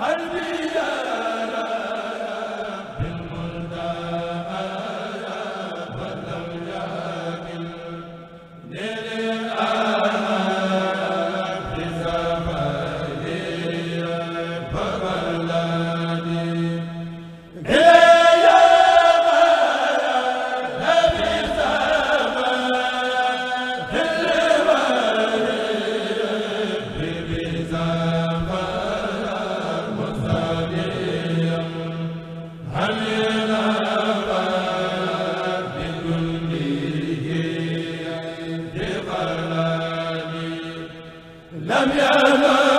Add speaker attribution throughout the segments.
Speaker 1: hal bi lam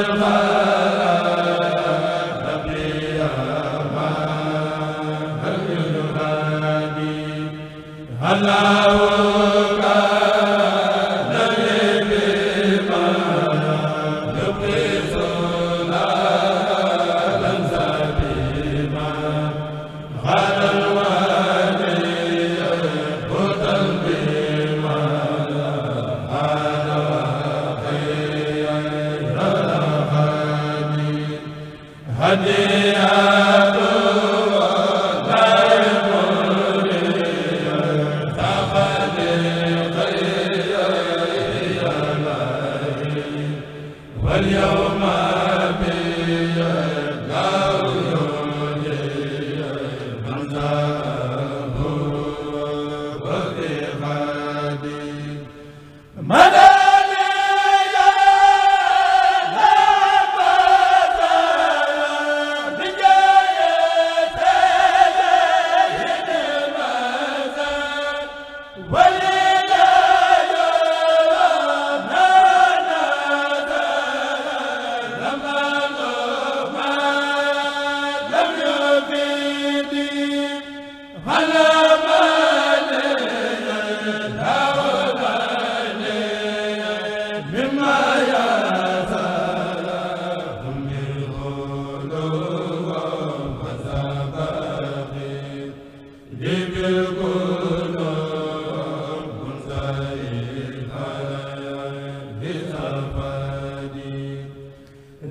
Speaker 1: الخير hadi